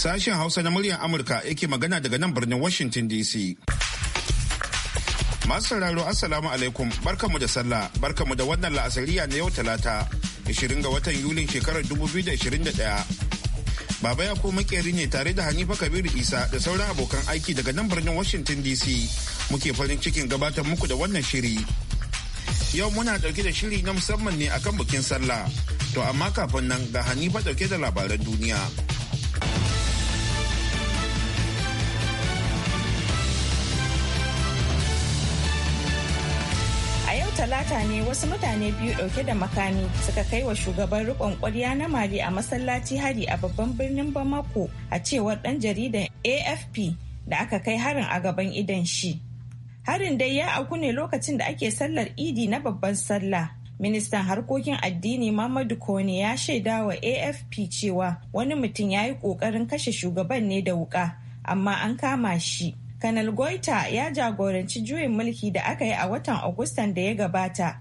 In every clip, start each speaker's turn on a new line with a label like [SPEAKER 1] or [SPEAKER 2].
[SPEAKER 1] Sashen Hausa na muryar Amurka yake magana daga nan birnin Washington DC. Masu sauraro Assalamu alaikum barkamu da sallah barkamu da wannan la'asariya na yau talata 20 ga watan Yulin shekarar 2021. Baba ya makeri ne tare da Hanifa Kabiru Isa da sauran abokan aiki daga nan birnin Washington DC muke farin cikin gabatar muku da wannan shiri. Yau muna ɗauke da shiri na musamman ne akan bikin sallah. To amma kafin nan ga Hanifa ɗauke da labaran duniya.
[SPEAKER 2] talata ne wasu mutane biyu dauke da makami suka kai wa shugaban rikon kwarya na mali a masallaci hari a babban birnin bamako a cewar dan jaridan afp da aka kai harin a gaban idan shi harin dai ya auku ne lokacin da ake sallar idi na babban sallah ministan harkokin addini Muhammadu Kone ya shaida wa AFP cewa wani mutum ya yi ƙoƙarin kashe shugaban ne da wuka, amma an kama shi. Kanal Goita ya jagoranci juyin mulki da aka yi a watan Agustan da ya gabata.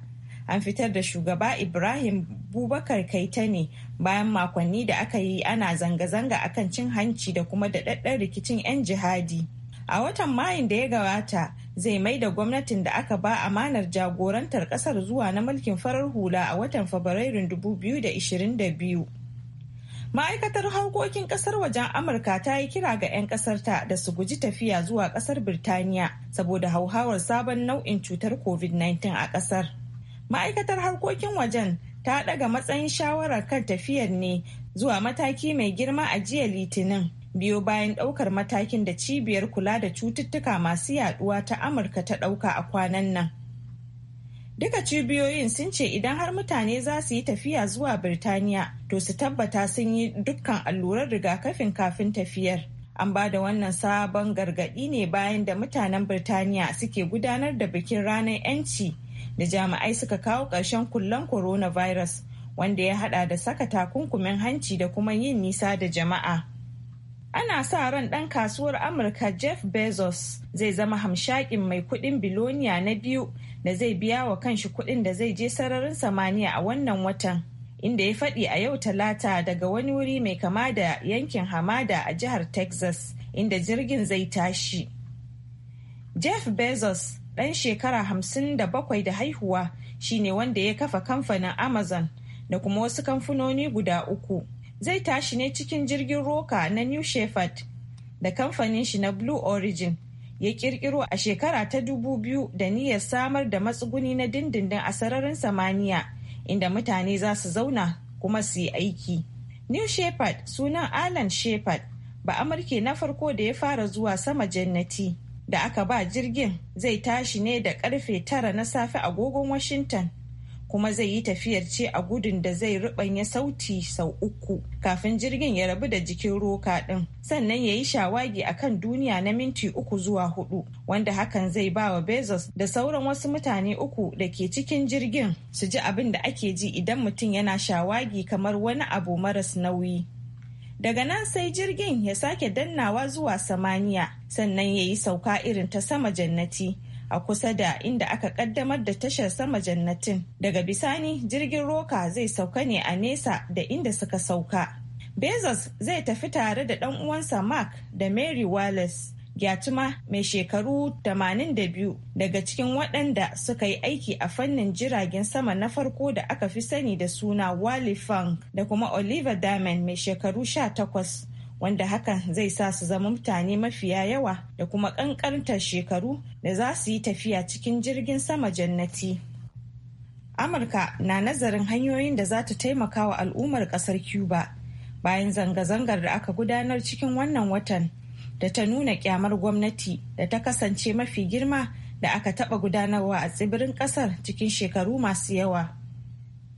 [SPEAKER 2] An fitar da shugaba Ibrahim Bubakar Kaita ne bayan makonni da aka yi ana zanga-zanga a kan cin hanci da kuma daɗaɗɗen rikicin 'yan jihadi. A watan Mayun da ya gabata zai mai da gwamnatin da aka ba amanar jagorantar ƙasar zuwa na mulkin farar hula a watan Fabrairun 2022. Ma'aikatar harkokin kasar wajen Amurka ta yi kira ga 'yan kasarta da su guji tafiya zuwa kasar Birtaniya saboda hauhawar sabon nau'in cutar COVID-19 a kasar. Ma'aikatar harkokin wajen ta daga matsayin shawarar kan tafiyar ne zuwa mataki mai girma a jiya litinin biyo bayan daukar matakin da cibiyar kula da cututtuka masu yaduwa ta Amurka ta dauka a kwanan nan. Duka cibiyoyin sun ce idan har mutane za su yi tafiya zuwa Birtaniya to su tabbata sun yi dukkan allurar rigakafin kafin tafiyar. An ba da wannan sabon gargaɗi ne bayan da mutanen Birtaniya suke gudanar da bikin ranar 'yanci da jami'ai suka kawo ƙarshen kullen coronavirus wanda ya haɗa da saka takunkumin hanci da kuma yin nisa da jama'a. ana sa ran ɗan kasuwar amurka jeff bezos zai zama hamshakin mai kuɗin biloniya na biyu da zai biya wa kanshi kuɗin da zai je sararin samaniya a wannan watan inda ya faɗi a yau talata daga wani wuri mai kama da yankin hamada a jihar texas inda jirgin zai tashi jeff bezos ɗan shekara hamsin da bakwai da haihuwa shine wanda ya kafa kamfanin amazon da kuma wasu kamfanoni guda uku zai tashi ne cikin jirgin roka na new shepard da kamfanin shi na blue origin ya kirkiro a shekara ta dubu biyu da niyyar samar da matsuguni na dindindin a sararin samaniya inda mutane za su zauna kuma su yi aiki. New Shepard sunan Alan Shepard ba Amurke na farko da ya fara zuwa sama jannati da aka ba jirgin zai tashi ne da karfe tara na safe agogon Washington kuma zai yi tafiyar ce a gudun da zai rubanya sauti sau uku kafin jirgin ya rabu da jikin roka ɗin. sannan ya yi shawagi a kan duniya na minti uku zuwa hudu wanda hakan zai ba wa bezos da sauran wasu mutane uku da ke cikin jirgin su ji abin da ake ji idan mutum yana shawagi kamar wani abu maras nauyi daga nan sai jirgin ya sake dannawa zuwa samaniya sannan ya yi sauka irin ta sama jannati a kusa da inda aka kaddamar da tashar sama jannatin daga bisani jirgin roka zai sauka ne a nesa da inda suka sauka bezos zai tafi tare da ɗan uwansa mark da mary wallace gyatuma mai shekaru 82 daga cikin waɗanda suka yi aiki a fannin jiragen sama na farko da aka fi sani da suna wally funk da kuma oliver diamond mai shekaru 18 wanda hakan zai sa su zama mutane mafiya yawa da kuma ƙanƙantar shekaru da za su yi tafiya cikin jirgin sama jannati. Amurka na nazarin hanyoyin da za ta taimaka wa al'ummar ƙasar Cuba bayan zanga-zangar da aka gudanar cikin wannan watan da ta nuna kyamar gwamnati da ta kasance mafi girma da aka taɓa gudanarwa a tsibirin ƙasar cikin shekaru masu yawa.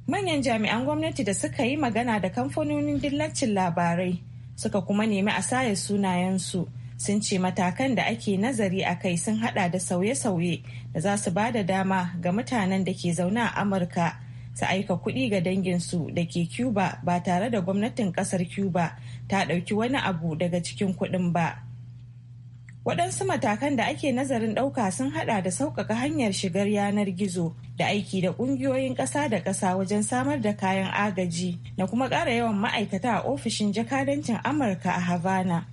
[SPEAKER 2] Manyan jami'an gwamnati da suka yi magana da kamfanonin dillacin labarai suka kuma nemi a sayar sunayensu sun ce matakan da ake nazari a kai sun hada da sauye-sauye da za su ba da dama ga mutanen da ke zaune a amurka su aika kuɗi ga danginsu da ke cuba ba tare da gwamnatin ƙasar cuba ta ɗauki wani abu daga cikin kuɗin ba. Waɗansu matakan da ake nazarin ɗauka sun haɗa da sauƙaƙa hanyar shigar yanar gizo da aiki da ƙungiyoyin ƙasa da ƙasa wajen samar da kayan agaji da kuma ƙara yawan ma'aikata a ofishin jakadancin Amurka a Havana.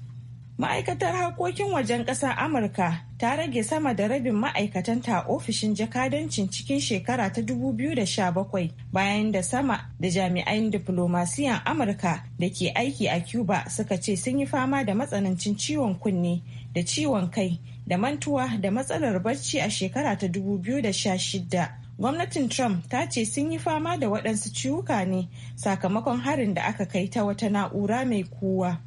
[SPEAKER 2] Ma'aikatar harkokin wajen ƙasar Amurka ta rage sama da rabin ma'aikatanta a ofishin jakadancin cikin shekara ta 2017 bayan da sama da jami'an diflomasiyan Amurka da ke aiki a Cuba suka ce sun yi fama da matsanancin ciwon kunne. da ciwon kai da mantuwa da matsalar barci a shekara ta 2016 gwamnatin trump ta ce sun yi fama da waɗansu ciwuka ne sakamakon harin da aka kai ta wata na'ura mai kowa.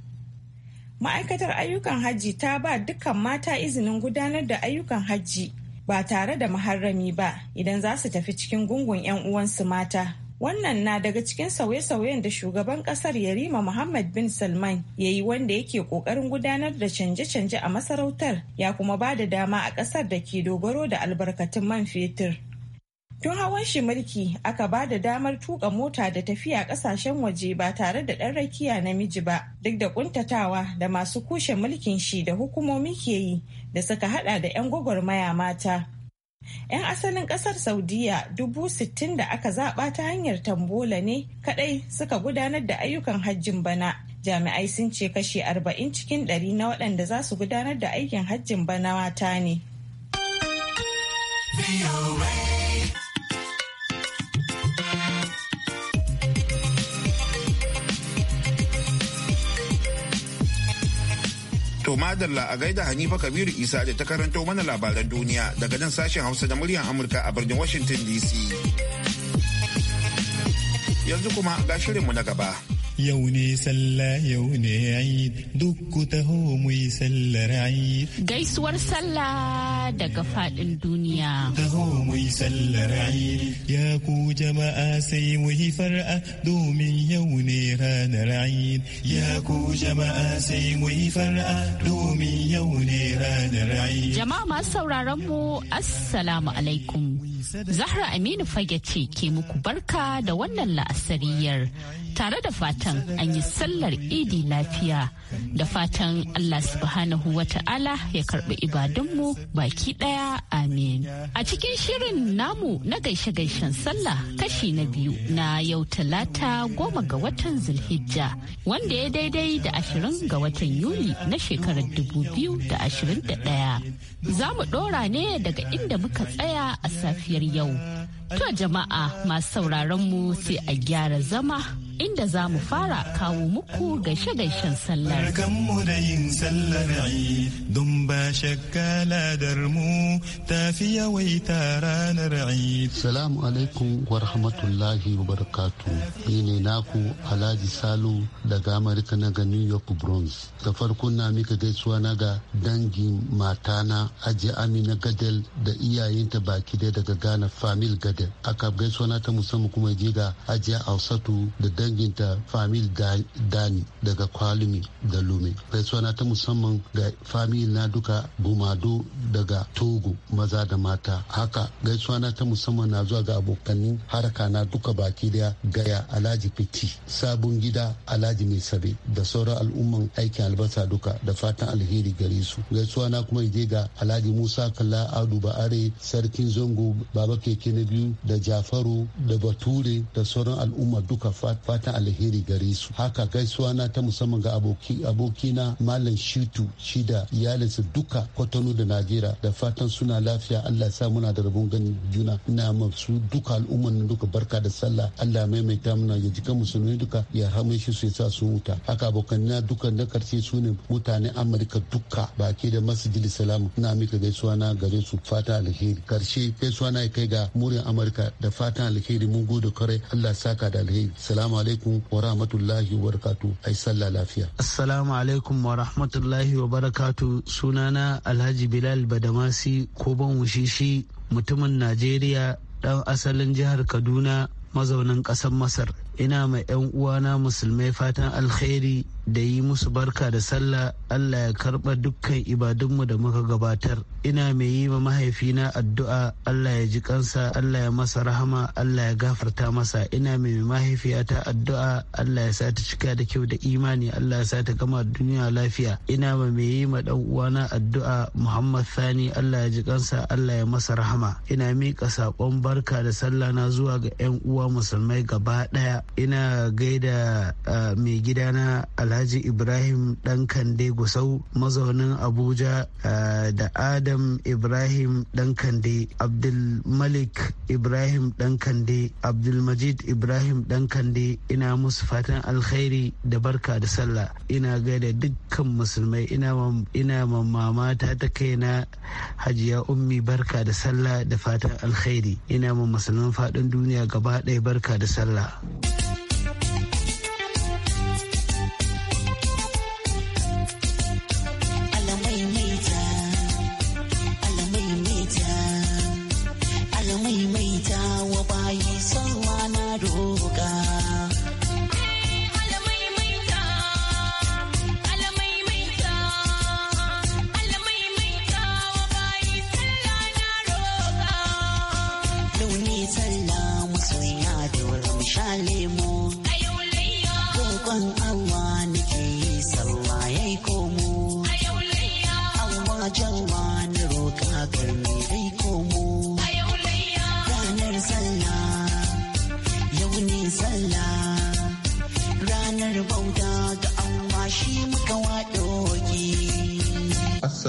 [SPEAKER 2] ma'aikatar ayyukan hajji ta ba dukkan mata izinin gudanar da ayyukan hajji ba tare da maharrami ba idan za su tafi cikin gungun 'yan uwansu mata Wannan na daga cikin sauye-sauyen da shugaban kasar Yarima Muhammad bin Salman ya yi wanda yake kokarin gudanar da canje-canje a masarautar ya kuma ba da dama a kasar da ke dogaro da albarkatun man fetur. Tun hawan shi mulki aka ba da damar tuka mota da tafiya kasashen waje ba tare da ɗan rakiya namiji ba duk da kuntatawa da masu kushe mulkin shi da hukumomi ke yi da suka hada da 'yan gwagwarmaya mata. 'Yan asalin kasar Saudiya dubu sittin da aka zaba ta hanyar tambola ne kadai suka gudanar da ayyukan hajjin bana. Jami'ai sun ce kashi arba'in cikin ɗari na waɗanda za su gudanar da aikin hajjin bana mata ne.
[SPEAKER 1] To madalla a gaida Hanifa Kabiru Isa da ta karanto mana labaran duniya daga nan sashen Hausa da muryar Amurka a birnin Washington DC. Yanzu kuma ga shirinmu na gaba.
[SPEAKER 3] yau ne sallah yau ne aid duk ku taho mu yi sallar aid
[SPEAKER 4] gaisuwar sallah daga fadin duniya
[SPEAKER 3] taho mu yi sallar aid ya ku jama'a sai mu yi far'a domin yau ne ranar aid ya ku jama'a sai mu yi far'a domin yau ne ranar aid
[SPEAKER 4] jama'a masu sauraron mu assalamu alaikum Zahra Aminu Fage ce ke muku barka da wannan la'asariyar tare da fatan an yi sallar idi lafiya da fatan Allah subhanahu wa ta'ala ya karbi ibadunmu baki daya amin. A cikin shirin namu na gaishe-gaishen sallah kashi na biyu na yau talata goma ga watan zulhijja wanda ya daidai da ashirin ga watan Yuli na shekarar dubu biyu da ashirin da daya. Za mu ɗora ne daga inda muka tsaya a safi safiyar yau. To jama'a masu sauraron mu sai a gyara zama inda za mu fara kawo muku gaishe-gaishen sallar. Barkanmu
[SPEAKER 3] da yin sallar yi don ba shakka ladar
[SPEAKER 5] mu ta fi ta ranar yi. Salamu alaikum wa rahmatullahi wa barakatu. Ni naku Alhaji Salu daga Amurka na ga New York Bronx. Da farko na mika gaisuwa na ga dangin matana ajiye Amina Gadel da iyayenta baki daga Ghana Famil Gadel. da aka gaisuwa ta musamman kuma je ga ajiya ausatu da danginta famil dani daga kwalimi da lume gaisuwa ta musamman ga famil na duka gumado daga togo maza da mata haka gaisuwa ta musamman na zuwa ga abokanin haraka na duka baki daya gaya alhaji fiti sabon gida alhaji mai sabe da sauran al'umman aikin albasa duka da fatan alheri gare su gaisuwa na kuma je ga alhaji musa kalla adu are sarkin zango baba keke na biyu da Jafaru da Bature da sauran al'umma duka fatan alheri gare su. Haka gaisuwa na ta musamman ga abokina Malam Shitu shida da duka Kwatano da Najeriya da fatan suna lafiya Allah ya sa muna da rabon ganin juna. Ina su duka al'umman duka barka da sallah Allah maimaita muna ya jikan musulmi duka ya hame shi su ya sa su huta. Haka abokanina duka na karshe su ne mutanen Amurka duka baki da masjid salamu na mika gaisuwa na gare su fata alheri. Karshe gaisuwa na kai ga murin amurka da fatan alheri mun gode kwarai allah saka da alheri salamu alaikum wa rahmatullahi wa barakatu ai sallah lafiya
[SPEAKER 6] assalamu alaikum wa rahmatullahi wa barakatu sunana alhaji bilal badamasi ko ban wushishi mutumin najeriya dan asalin jihar kaduna mazaunin ƙasar masar ina mai 'yan uwana musulmai fatan alheri da yi musu barka da sallah Allah ya karba dukkan ibadunmu da muka gabatar ina mai yi ma mahaifina addu'a Allah ya ji kansa Allah ya masa rahama Allah ya gafarta masa ina mai mahaifiyata addu'a Allah ya sa ta cika da kyau da imani Allah ya sa ta gama duniya lafiya ina ma mai yi ma dan uwana addu'a Muhammad Sani Allah ya ji kansa Allah ya masa rahama ina miƙa saƙon barka da sallah na zuwa ga 'yan uwa musulmai gaba ina gaida ah, mai gidana al alhaji ibrahim ɗan kande gusau mazaunin abuja eh, da adam ibrahim dan kande abdulmalik ibrahim ɗan kande abdulmajid ibrahim ɗan kande ina musu fatan alkhairi da barka da sallah ina gaida dukkan musulmai ina mamama ta ta kaina hajiya ummi barka da sallah da fatan alkhairi ina ma musulman faɗin duniya gaba ɗaya barka da sallah.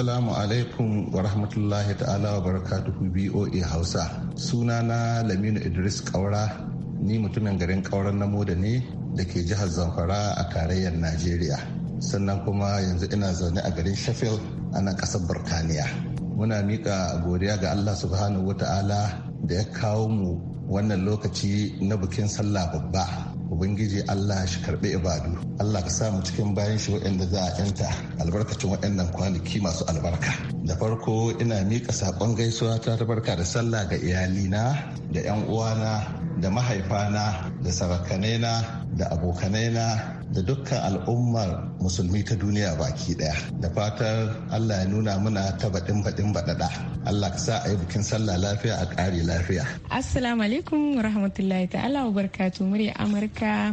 [SPEAKER 7] Assalamu alaikum wa rahmatullahi ta'ala wa barakatuhu BOA Hausa. Sunana Laminu Idris Kaura, ni mutumin garin Kauran Namo da ne da ke jihar Zamfara a tarayyar Najeriya. Sannan kuma yanzu ina zaune a garin Sheffield a nan ƙasar Burtaniya. Muna miƙa godiya ga Allah subhanahu wa ta'ala da ya kawo mu wannan lokaci na bikin sallah babba. ubangiji allah shi karbi ibadu allah ka samu cikin bayan shi waɗanda za a yanta albarkacin waɗannan kwanaki masu albarka da farko ina mika saƙon gaisuwa ta albarka da sallah ga iyalina da 'yan uwana da mahaifana da sarakanaina da abokanaina da dukkan al'ummar musulmi ta duniya baki daya da fatar allah ya nuna muna ta baɗin baɗin baɗaɗa
[SPEAKER 5] allah ka sa a yi bikin sallah lafiya a ƙari lafiya
[SPEAKER 4] assalamu alaikum rahmatullahi ta'ala wa barkatu murya amurka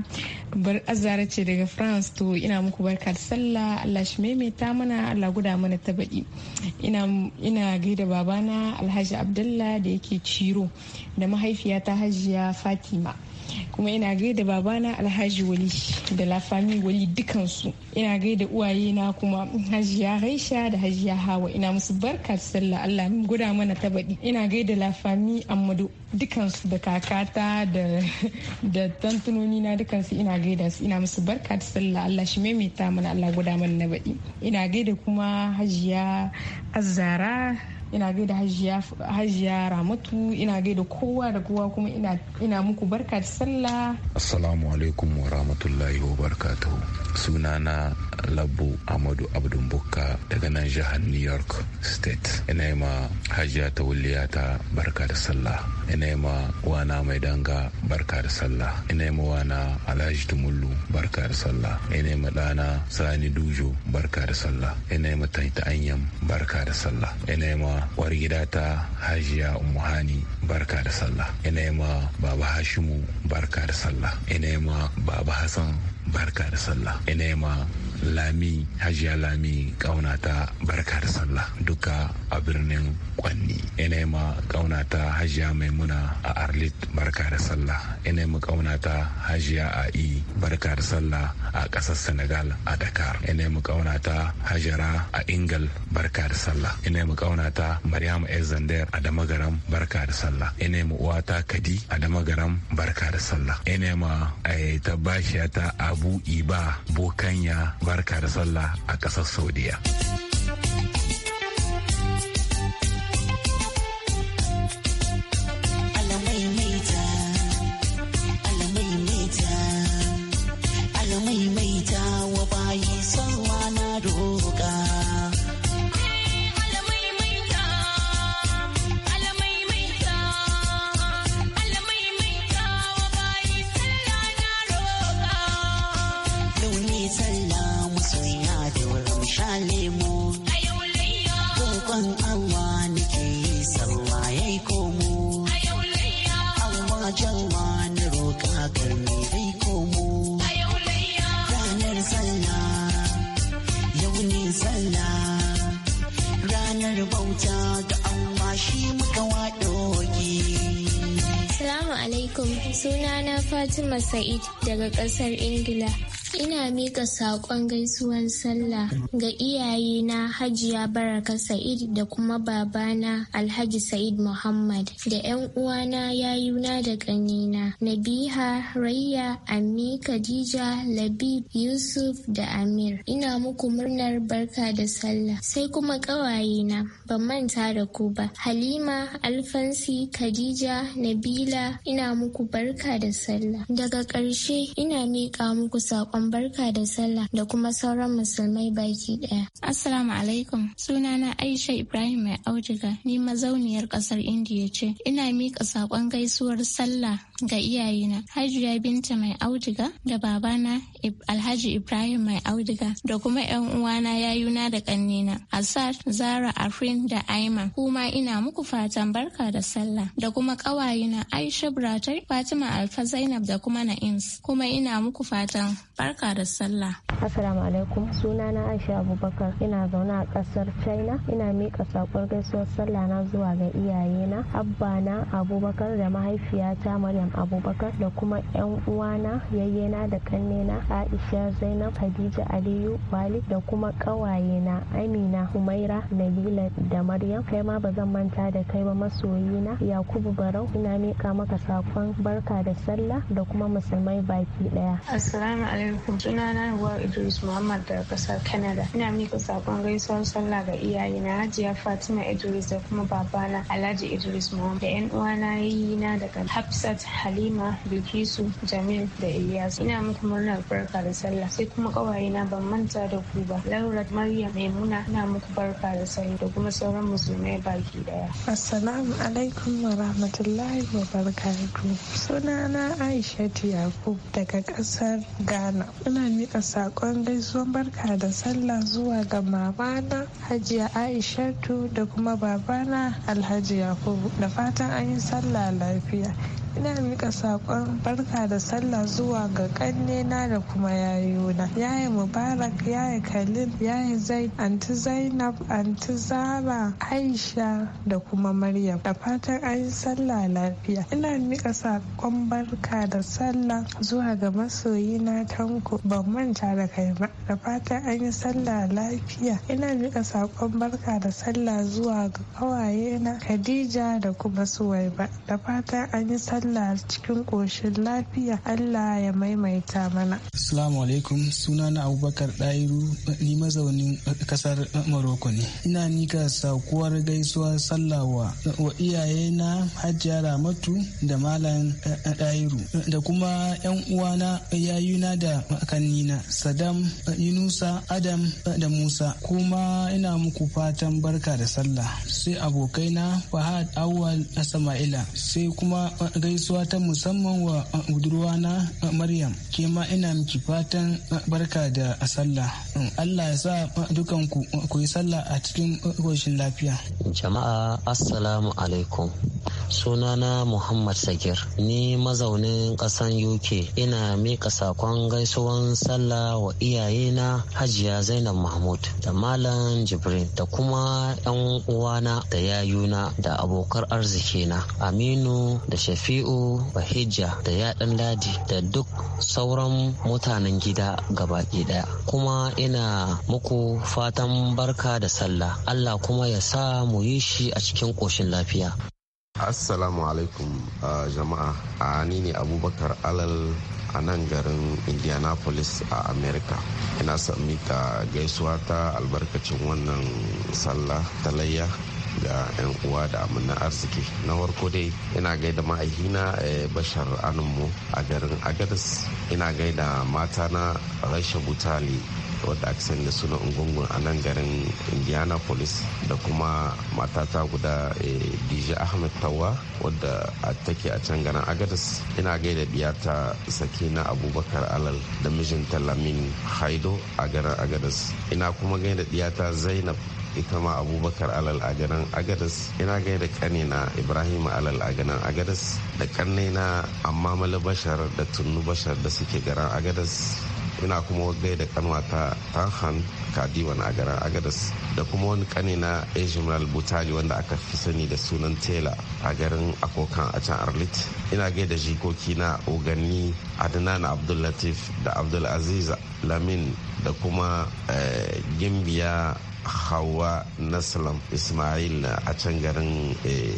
[SPEAKER 4] bar azara ce daga france to ina muku barka
[SPEAKER 2] da sallah allah shi maimaita mana allah guda mana ta baɗi ina gaida babana alhaji abdullah da yake ciro da mahaifiyata hajiya fatima kuma ina gaida babana alhaji wali da lafami wali dukansu ina gaida uwaye na kuma hajiya raisha da hajiya hawa ina musu barka da sallah allah min guda mana ta baɗi ina gaida lafami amadu dukansu da kakata da da tantunoni na dukansu ina gaida su ina musu barka da sallah allah shi maimaita mana allah guda mana na baɗi ina gaida kuma hajiya azara ina
[SPEAKER 4] gaida hajiya ramatu ina gaida kowa da kowa kuma ina muku barka da sallah
[SPEAKER 8] assalamu alaikum wa rahmatullahi wa barakatuhu sunana labbu amadu abdun bukka daga nan jihar new york state ina yi ma hajiya ta wuliya ta barka da sallah ina yi ma wana mai danga barka da sallah ina yi ma wana alhaji tumullu barka da sallah ina yi ma ɗana sani dujo barka da sallah ina yi ma taita anyam barka da sallah ina yi ma ma gida ta hajiya umuhani barka da sallah ina ma baba hashimu barka da sallah ina ma baba hassan barka da sallah ina ma lami hajiya lami kaunata barka da sallah duka a birnin kwanni ina ma kaunata hajiya maimuna a arlit barka da sallah ina ma kaunata hajiya a i barka da sallah a ƙasar senegal a dakar ina ma kaunata hajara a ingal barka da sallah ina ma kaunata maryam ezander a damagaram barka da sallah ina ma uwata kadi a damagaram barka da sallah ina ma eh, ta bashiya ta abu iba bokanya barka da sallah a ƙasar saudiya
[SPEAKER 9] shi muka waɗoki. Salamu alaikum
[SPEAKER 4] sunana Fatima Sa'id daga ƙasar Ingila. Ina miƙa saƙon gaisuwan sallah ga iyayena Hajiya Baraka Sa'id da kuma babana Alhaji Sa'id Muhammad da 'yan uwana yayuna da ƙanina Nabiha, Rayya, Ami, Khadija, Labib, Yusuf da Amir. Ina muku murnar barka da sallah. Sai kuma ƙawayena Ba manta da ku ba. Halima, Alfansi, Khadija, Nabila, ina muku barka da sallah. Daga ƙarshe ina miƙa muku saƙon sakon barka da sallah da kuma sauran musulmai baki daya. Assalamu alaikum. Sunana Aisha Ibrahim mai auduga ni mazauniyar ƙasar Indiya ce. Ina mika saƙon gaisuwar sallah ga iyayena Hajiya Binta mai auduga da babana Alhaji Ibrahim mai auduga da kuma 'yan uwana yayuna da kannina Asad, Zara, Afrin da Aiman. Kuma ina muku fatan barka da sallah da kuma ƙawayena Aisha Buratai, Fatima Alfa Zainab da kuma nains Kuma ina muku fatan barka da sallah. Assalamu alaikum sunana Aisha Abubakar ina zaune a kasar China ina miƙa sakon gaisuwar sallah na zuwa ga iyayena na Abubakar da mahaifiyata Maryam Abubakar da kuma yan uwana yayyena da kannena Aisha Zainab Khadija Aliyu Walid da kuma ƙawayena Amina Humaira Nabila da Maryam kai ma ba zan manta da kai ba masoyina Yakubu Barau ina mika maka sakon barka da sallah da kuma musulmai baki ɗaya.
[SPEAKER 2] Assalamu alaikum alaikum sunana Ruwa Idris Muhammad daga kasar Canada. Ina mika saƙon gaisuwar sallah ga iyayena Hajiya Fatima Idris da kuma babana Alhaji Idris Muhammad da 'yan uwana na daga Hafsat Halima Bilkisu Jamil da Ilyas. Ina muku murnar barka da sallah sai kuma ƙawayena ban manta da ku ba. Laura Maryam Maimuna ina muku barka da sallah da kuma sauran musulmai baki daya. Assalamu alaikum wa rahmatullahi wa barakatuh. Sunana Aisha Yakub daga ƙasar Ghana. ina mika sakon gaisuwan barka da sallah zuwa ga mamana hajiya aishatu da kuma babana alhaji yakubu da fatan an yi sallah lafiya ina mika saƙon barka da sallah zuwa ga ƙannena da kuma yayuna yaya mubarak yaya khalil yaya zai anti zainab anti zara aisha da kuma maryam da fatan an yi sallah lafiya ina mika sakon barka da sallah zuwa ga masoyina tanko ban manta da kai ba da fatan an yi sallah lafiya ina mika saƙon barka da sallah zuwa ga ƙawayena khadija da kuma suwaiba da fatan an yi sallah muna cikin ƙoshin lafiya Allah ya maimaita mana.
[SPEAKER 6] Assalamu alaikum suna na Abubakar Ɗairu ni mazaunin ƙasar Morocco ne. Ina nika sakuwar gaisuwar sallah wa iyaye na Hajiya Ramatu da Malam Ɗairu da kuma 'yan uwana yayuna da kannina Sadam Yunusa Adam da Musa kuma ina muku fatan barka da sallah sai abokaina Fahad Awal Sama'ila sai kuma gaisuwa ta musamman wa na Maryam ke ma ina miki fatan barka da sallah mm, Allah ya sa dukanku ku yi sallah a cikin koshin lafiya
[SPEAKER 9] jama'a assalamu alaikum sunana Muhammad Sagir ni mazaunin ƙasan UK ina mika sakon gaisuwan sallah wa iyayena Hajiya Zainab Mahmud da Malam Jibrin da kuma 'yan uwana da yayuna da abokan arzikina Aminu da Shafi rabi'u bahija da yaɗan ladi da duk sauran mutanen gida gabaki ɗaya kuma ina muku fatan barka da sallah allah kuma ya sa mu yi shi a cikin ƙoshin lafiya
[SPEAKER 10] assalamu alaikum uh, jama'a a ni ne abubakar alal a nan garin indianapolis a america ina mika gaisuwa ta albarkacin wannan sallah ta layya ga 'yan uwa da amina arziki na farko dai ina gaida a eh, bashar anunmu a garin agadis ina gaida mata na rasha butali wadda aka sani da suna ungungun a nan garin indianapolis da kuma matata guda eh, dj ahmed tawa wadda a take a can garin agadas ina gaida biyata sakina abubakar alal da mijinta lamin haido a garin agadis ina kuma gaida biyata zainab ita ma abubakar alal a garin agadas ina gaida kanina ibrahim alal a garin agadas da na amma bashar da tunnu bashar da suke garin agadas ina kuma da kanwata tanhan kadiwan a garin agadas da kuma wani kane na ejimral butali wanda aka fi sani da sunan tela a garin akokan a can arlit ina gai da jikoki na ogani adnan abdullatif da abdul abdulaziz lamin da kuma eh, gimbiya hawa naslam ismail a can garin eh,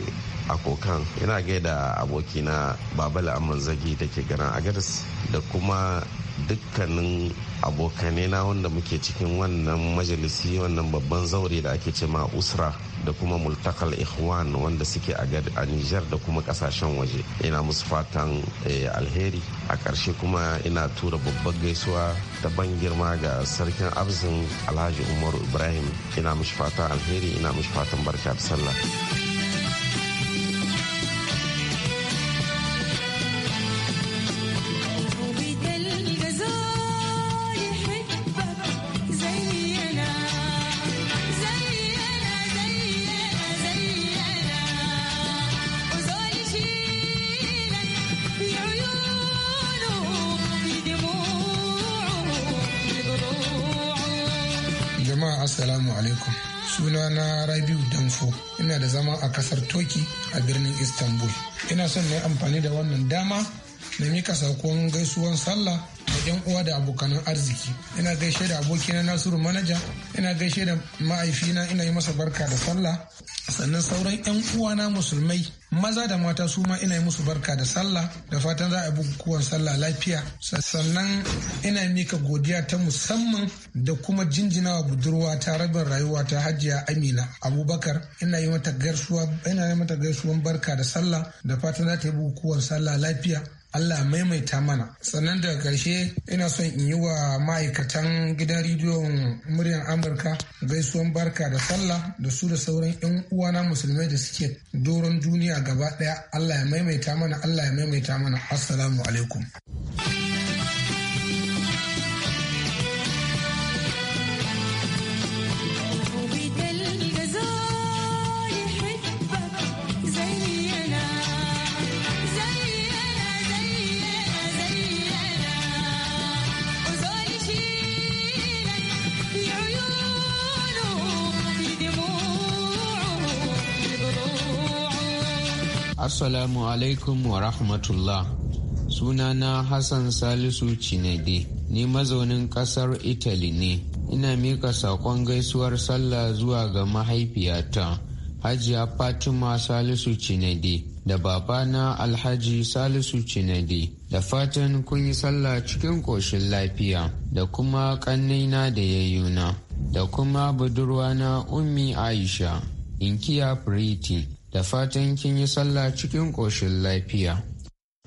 [SPEAKER 10] akokan ina gaida abokina babala amman da ke garin agadas da kuma dukkanin abokanai na wanda muke cikin wannan majalisi wannan babban zaure da ake ce ma usra da kuma multakal ikhwan wanda suke a Nijar da kuma kasashen waje ina musu fatan eh, alheri a ƙarshe kuma ina tura babban gaisuwa ta ban girma ga sarkin abzin alhaji umaru ibrahim ina musu fatan alheri ina musu fatan barka da sallah
[SPEAKER 11] a kasar Toki a birnin Istanbul. Ina son na yi amfani da wannan dama na mika sakon gaisuwan sallah da yan uwa da abokan arziki. Ina gaishe da abokina Nasiru manaja, ina gaishe da ma'aifina ina yi masa barka da sallah, sannan sauran 'yan uwana musulmai maza da mata su ma ina yi musu barka da sallah da fatan za a bukukuwan sallah lafiya sannan ina mika godiya ta musamman da kuma jinjinawa budurwa ta rabin rayuwa ta hajiya amina abubakar ina yi mata gaisuwan barka da sallah da fatan za ta yi bukukuwan sallah lafiya Allah maimaita mana. Sannan daga ƙarshe ina son in yi wa ma'aikatan gidan rediyon muryar Amurka gaisuwan barka da sallah da su da sauran 'yan uwana musulmai da suke doron duniya gaba ɗaya. Allah ya maimaita mana, Allah ya maimaita mana. Assalamu alaikum. Assalamu alaikum wa rahmatullah. Sunana Hassan Salisu Cinade, ni mazaunin ƙasar Italy ne. Ina mika saƙon gaisuwar sallah zuwa ga mahaifiyata, Hajiya Fatima Salisu Cinade, da babana Alhaji Salisu Cinade. Da fatan kun yi sallah cikin ƙoshin lafiya, da kuma ƙannina da yayyuna, da kuma budurwa na Ummi Aisha, Inkiya Priti.
[SPEAKER 7] da fatan kin yi
[SPEAKER 11] sallah cikin ƙoshin lafiya.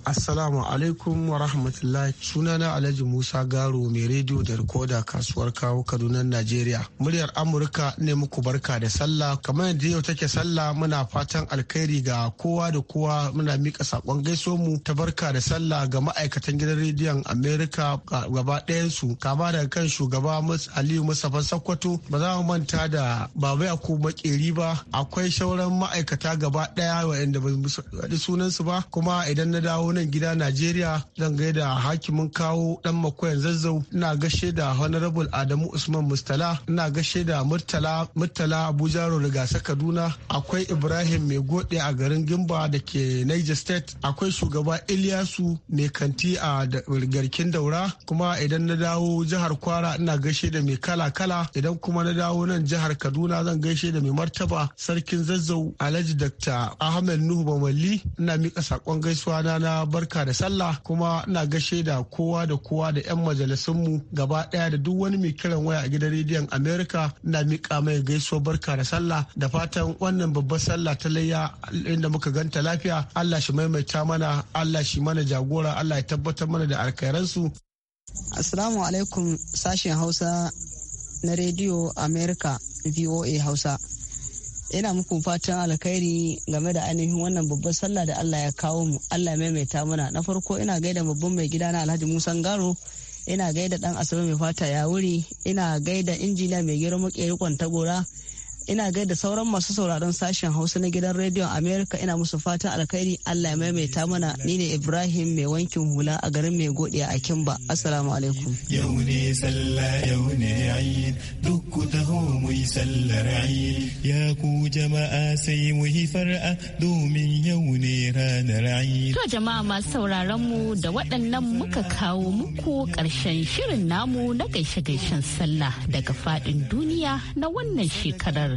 [SPEAKER 7] Assalamu alaikum wa rahmatullahi sunana Alhaji Musa Garo mai rediyo da rikoda kasuwar kawo Kaduna Najeriya. Muryar Amurka ne muku barka da sallah kamar yadda yau take sallah muna fatan alkhairi ga kowa da kowa muna mika sakon gaiso mu ta barka da sallah ga ma'aikatan gidan rediyon Amerika gaba ɗayan su kama daga kan shugaba Aliyu Mustapha Sokoto ba za mu manta da Baba Yakubu Makeri ba akwai sauran ma'aikata gaba ɗaya wa'anda ba su sunan su ba kuma idan na dawo wannan gida najeriya zan da hakimin kawo dan makoyan zazzau ina gashe da honorable adamu usman mustala ina gashe da murtala murtala abuja rigasa kaduna akwai ibrahim mai gode a garin gimba da ke niger state akwai shugaba ilyasu mai kanti a garkin daura kuma idan na dawo jihar kwara ina gaishe da mai kala kala idan kuma na dawo nan jihar kaduna zan gaishe da mai martaba sarkin zazzau alhaji dr ahmed nuhu bamalli ina mika sakon gaisuwa na barka da sallah kuma ina gaishe da kowa da kowa da 'yan majalisunmu gaba ɗaya da duk wani mai kiran waya a gidan rediyon Amerika ina miƙa mai gaisuwar barka da sallah da fatan wannan babbar sallah ta layya inda muka ganta lafiya Allah shi maimaita mana Allah shi mana jagora Allah ya tabbatar
[SPEAKER 4] mana da su. Assalamu alaikum sashen Hausa na rediyo america VOA Hausa. ina muku fatan alkhairi game da ainihin wannan babban sallah da Allah ya kawo mu Allah maimaita mana na farko ina gaida babban mai gida na Alhaji Musa Garo ina gaida dan Asabe mai fata ya wuri ina gaida injiniya mai girma makeri kwanta gora ina gaida sauran masu sauraron sashen hausa na gidan rediyon america ina musu fatan alkhairi allah ya maimaita mana ni ne ibrahim mai wankin hula a garin mai godiya a kimba assalamu alaikum
[SPEAKER 3] yau ne sallah yau ne ayin duk ku taho mu yi sallar ya ku jama'a sai mu yi far'a domin yau ne ranar to
[SPEAKER 4] jama'a masu sauraron mu da waɗannan muka kawo muku ƙarshen shirin namu na gaishe-gaishen sallah daga faɗin duniya na wannan shekarar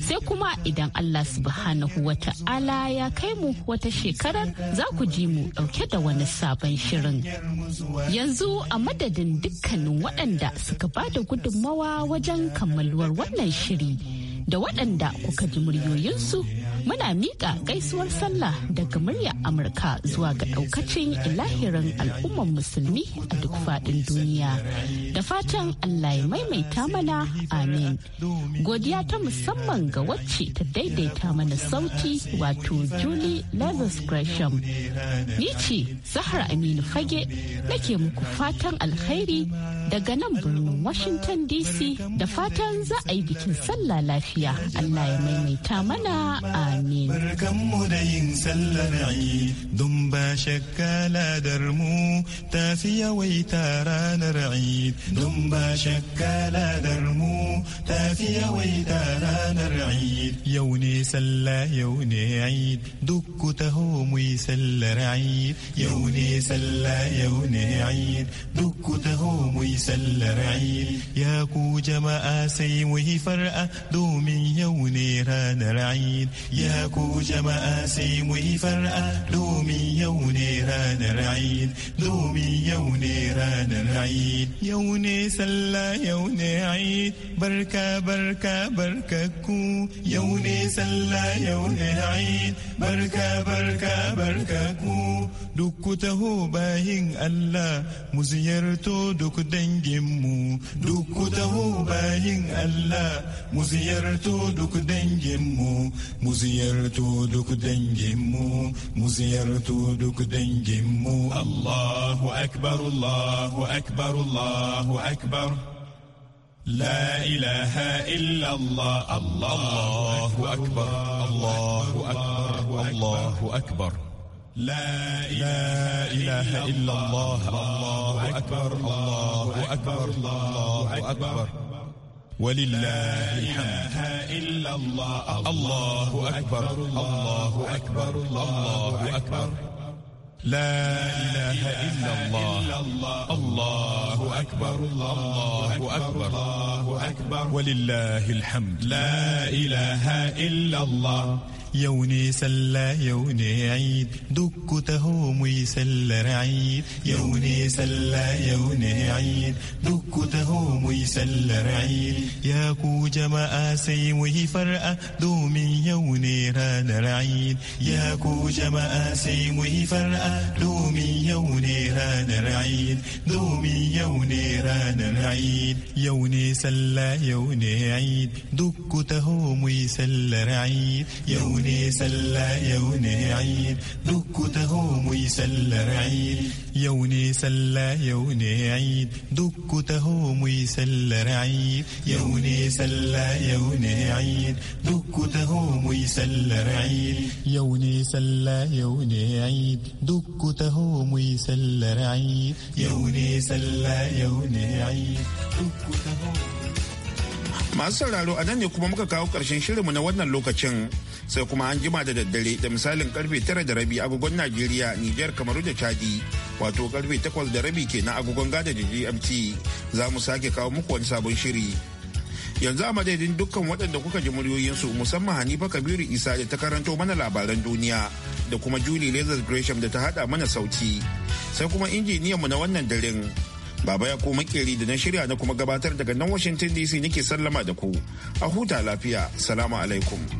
[SPEAKER 4] sai kuma idan allah subhanahu wa ta'ala ya kai mu wata shekarar za ku ji mu dauke da wani sabon shirin yanzu a madadin dukkanin waɗanda suka ba da gudunmawa wajen kammaluwar wannan shiri da waɗanda kuka ji muryoyinsu Muna miƙa gaisuwar sallah daga murya Amurka zuwa ga ɗaukacin lahirin al'ummar musulmi a duk faɗin duniya. Da fatan Allah ya maimaita mana amin. Godiya ta musamman ga wacce ta daidaita mana sauti wato Juli Lazarus Gresham. Ni ce Zahar Aminu Fage nake muku fatan alkhairi daga nan birnin Washington DC da fatan za a yi bikin sallah lafiya. Allah ya maimaita mana amin. amin
[SPEAKER 3] barkanmu da yin sallar eid don ba shakka ladar mu ta fi yawaita ranar eid don ba shakka ladar mu ta fi yawaita ranar eid yau ne sallah yau ne eid duk ku taho mu yi sallar eid yau ne sallah yau ne eid duk ku taho mu yi sallar eid ya ku jama'a sai mu yi far'a domin yau ne ranar eid ya ku jama'a sai mu yi far'a domin yau ne ranar Eid domin yau ne ranar Eid yau ne sallah yau ne barka barka barka ku yau ne sallah yau ne barka barka barka ku duk ku taho bayin Allah mu ziyarto duk danginmu duk ku taho bayin Allah mu ziyarto duk danginmu mu مزيرتو دك دنجمو مزيرتو دك دنجمو الله أكبر الله أكبر الله أكبر لا إله إلا الله الله, الله أكبر الله أكبر الله أكبر لا إله إلا الله الله أكبر الله أكبر الله أكبر ولله الحمد لا اله إلا الله الله أكبر الله أكبر الله أكبر لا إله إلا الله الله أكبر الله أكبر الله أكبر ولله الحمد لا إله إلا الله يوني سلا يوني عيد دك تهوم يسل رعيد يوني سلا يوني عيد دك تهوم يسل رعيد يا كو جما سيمه فرأة دوم يوني ران رعيد يا كو جما سيمه فرأة دوم يوني ران رعيد دوم يوني ران رعيد يوني سلا يوني عيد دك تهوم يسل رعيد يوني يوني سلا يوني عيد دكته تهوم ويسلا عيد يوني سلا يوني عيد دكته تهوم ويسلا عيد يوني سلا يوني عيد دكته تهوم ويسلا عيد يوني سلا يوني عيد دكته تهوم ويسلا عيد يوني سلا يوني عيد
[SPEAKER 9] تهوم
[SPEAKER 1] Masu sauraro a nan ne kuma muka kawo ƙarshen shirinmu na wannan lokacin sai kuma an jima da daddare da misalin karfe tara da rabi agogon Najeriya, niger Kamaru da Chadi wato karfe takwas da rabi kenan agogon gada da GMT za mu sake kawo muku wani sabon shiri. Yanzu a madadin dukkan waɗanda kuka ji muryoyinsu musamman Hanifa Kabiru Isa da ta karanto mana labaran duniya da kuma Julie Lazar Gresham da ta haɗa mana sauti. Sai kuma injiniyanmu na wannan daren Baba ya koma Keri da na shirya na kuma gabatar daga nan Washington DC nake sallama da ku. A huta lafiya. Salamu alaikum.